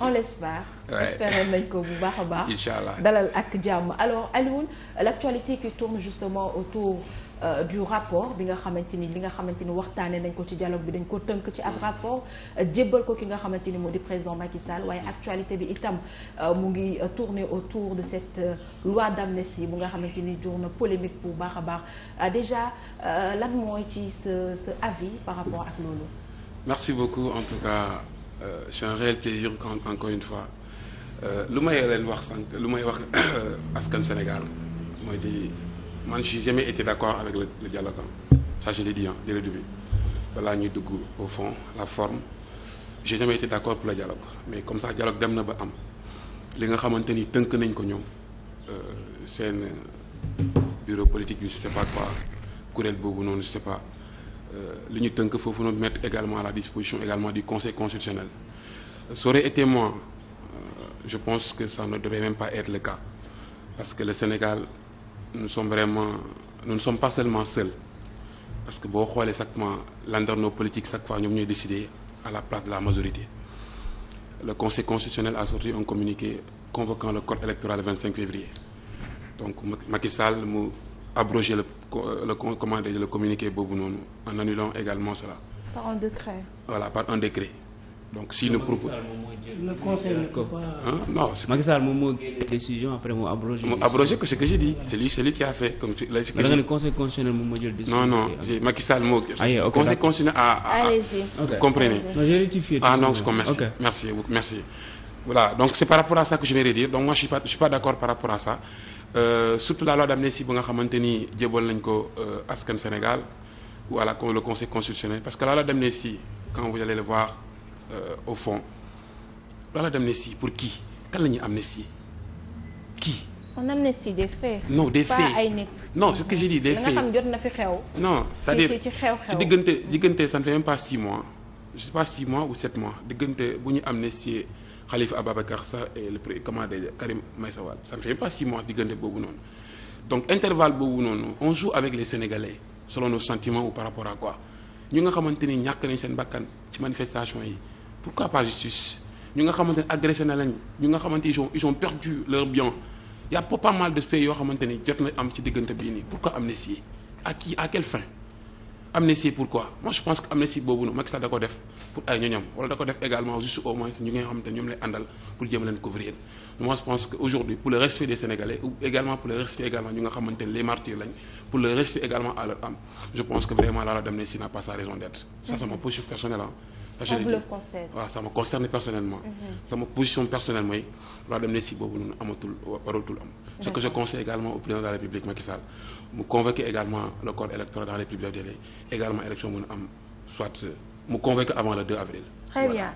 on l'espère. Ouais. nañ ko bu baax a baax. incha allah dalal ak jàmm alors Alioune l'actualité qui tourne justement autour euh, du rapport bi nga xamante ni li nga xamante ni waxtaanee nañ ko ci dialogue bi dañ ko tënk ci ab rapport jébbal ko ki nga xamante ni moo di président Macky Sall waaye actualité bi itam euh, mu ngi euh, tourner autour de cette euh, loi d'amnistie bu nga xamante ni jur na polémique bu baax a baax déjà lan mooy ci sa sa par rapport ak loolu. merci beaucoup Euh, c'est un réel plaisir encore une fois euh, lu may leen wax sànq lu may wax askan Sénégal mooy di man j'ai jamais été d'accord avec le dialogue ça je l'ai dit dès balaa ñuy dugg au fond la forme j'ai jamais été d'accord pour le dialogue mais comme sax dialogue dem na ba am li nga xamante ni tënk nañ ko ñoom euh, seen bureau politique bi ci sais pas quoi kuréel boobu noonu je sais Euh, li ñu tënk foofu noonu mettre également à la disposition également du conseil constitutionnel ça aurait été moi euh, je pense que ça ne devrait même pas être le cas parce que le Sénégal nous sommes vraiment nous ne sommes pas seulement seuls parce que boo xoolee chaque fois landerneau politique chaque fois ñoom ñooy décider à la place de la majorité le conseil constitutionnel a sorti un communiqué convoquant le code électoral le 25 février donc Macky abroger le le communiqué boobu noonu en annulant également cela. par un décret. voilà par un décret. donc si le propos le conseil ne peut pas. non Macky Sall moom moo génne décision après mu abrogé. mu a fait comme tu l'as conseil constitutionnel moom moo décision. non non Macky Sall moo. ah conseil constitutionnel ah, ah ah. allez-y ok comprenez. ah non merci merci. voilà donc c'est par rapport à ça que je vais dire donc moi suis pas d'accord par rapport à ça euh, surtout la loi d'amnistie bu nga xamante ni jébal nañ ko euh, askan Sénégal walla à la conseil constitutionnel parce que la loi d'amnistie quand vous le voir euh, au fond la dem d'amnistie pour qui kan la ñuy amnistie kii. on amnistie des de non des ay nit. non ce que j'ai dit des faits nga xam jot na fi xew. non c'est-à-dire ci xew ci diggante diggante ça ne fait même pas six mois je sais pas six mois ou sept mois diggante bu ñu amnistier. xalifa Ababacar Sall et le prix comment déjà Karim Meïssa Wade ça ne fait pas six mois diggante boobu noonu donc intervalle boobu noonu on joue avec les Sénégalais selon nos sentiments ou par rapport à quoi ñu nga xamante ni ñàkk nañ seen bakkan ci manifestation yi pourquoi pas justice ñu nga xamante ne agressé na lañ ñu nga xamante ils ont perdu leur bien y a pas mal de faits yoo xamante ni jot na am ci diggante bii nii pour amnistie am n à fin amnistie pourquoi moi je pense que amnistie boobu noonu Macky da ko def pour ay ñoñam wala da ko def également juste au moins ñu ngi xam ñoom lay àndal pour jéem leen couvrir moi je pense que aujourd'hui pour le respect des Sénégalais ou également pour le respect également ñu nga xamante ne les lañ pour le respect également à leur âme je pense que vraiment la loi d'amnistie n'a pas raison d'être ça c'est mm. position personnelle Ah, je l'ai dit waaw ah, ça concerne personnellement mhm. sama position personnelle mooy laa dem ne si boobu noonu amatul waratul am ce que je conseille également au président de la République Macky Sall mu convoquer également le corps électoral dans les plus brefs délais également élection mën a am soit euh, mu convoquer avant le 2 avril